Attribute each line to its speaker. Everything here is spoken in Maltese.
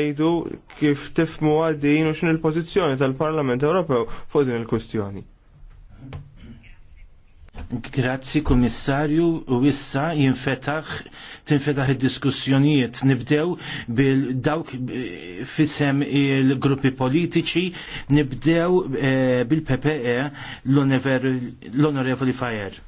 Speaker 1: jgħidu kif tifmu għaddin u xin il-pozizjoni tal-Parlament Ewropew fuq din il-kwistjoni.
Speaker 2: Grazzi komissarju u issa jinfetaħ tinfetaħ id-diskussjonijiet nibdew bil dawk eh, fisem il-gruppi politiċi nibdew eh, bil-PPE l-Onorevoli Fajer.